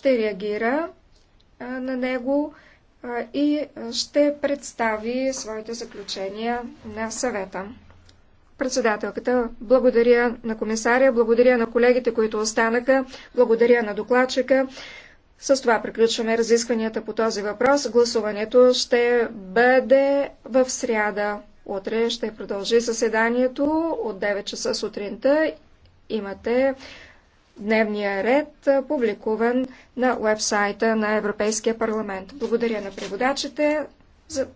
ще реагира на него и ще представи своите заключения на съвета. Председателката, благодаря на комисаря, благодаря на колегите, които останаха, благодаря на докладчика. С това приключваме разискванията по този въпрос. Гласуването ще бъде в сряда. Утре ще продължи заседанието от 9 часа сутринта. Имате дневния ред, публикуван на уебсайта на Европейския парламент. Благодаря на преводачите за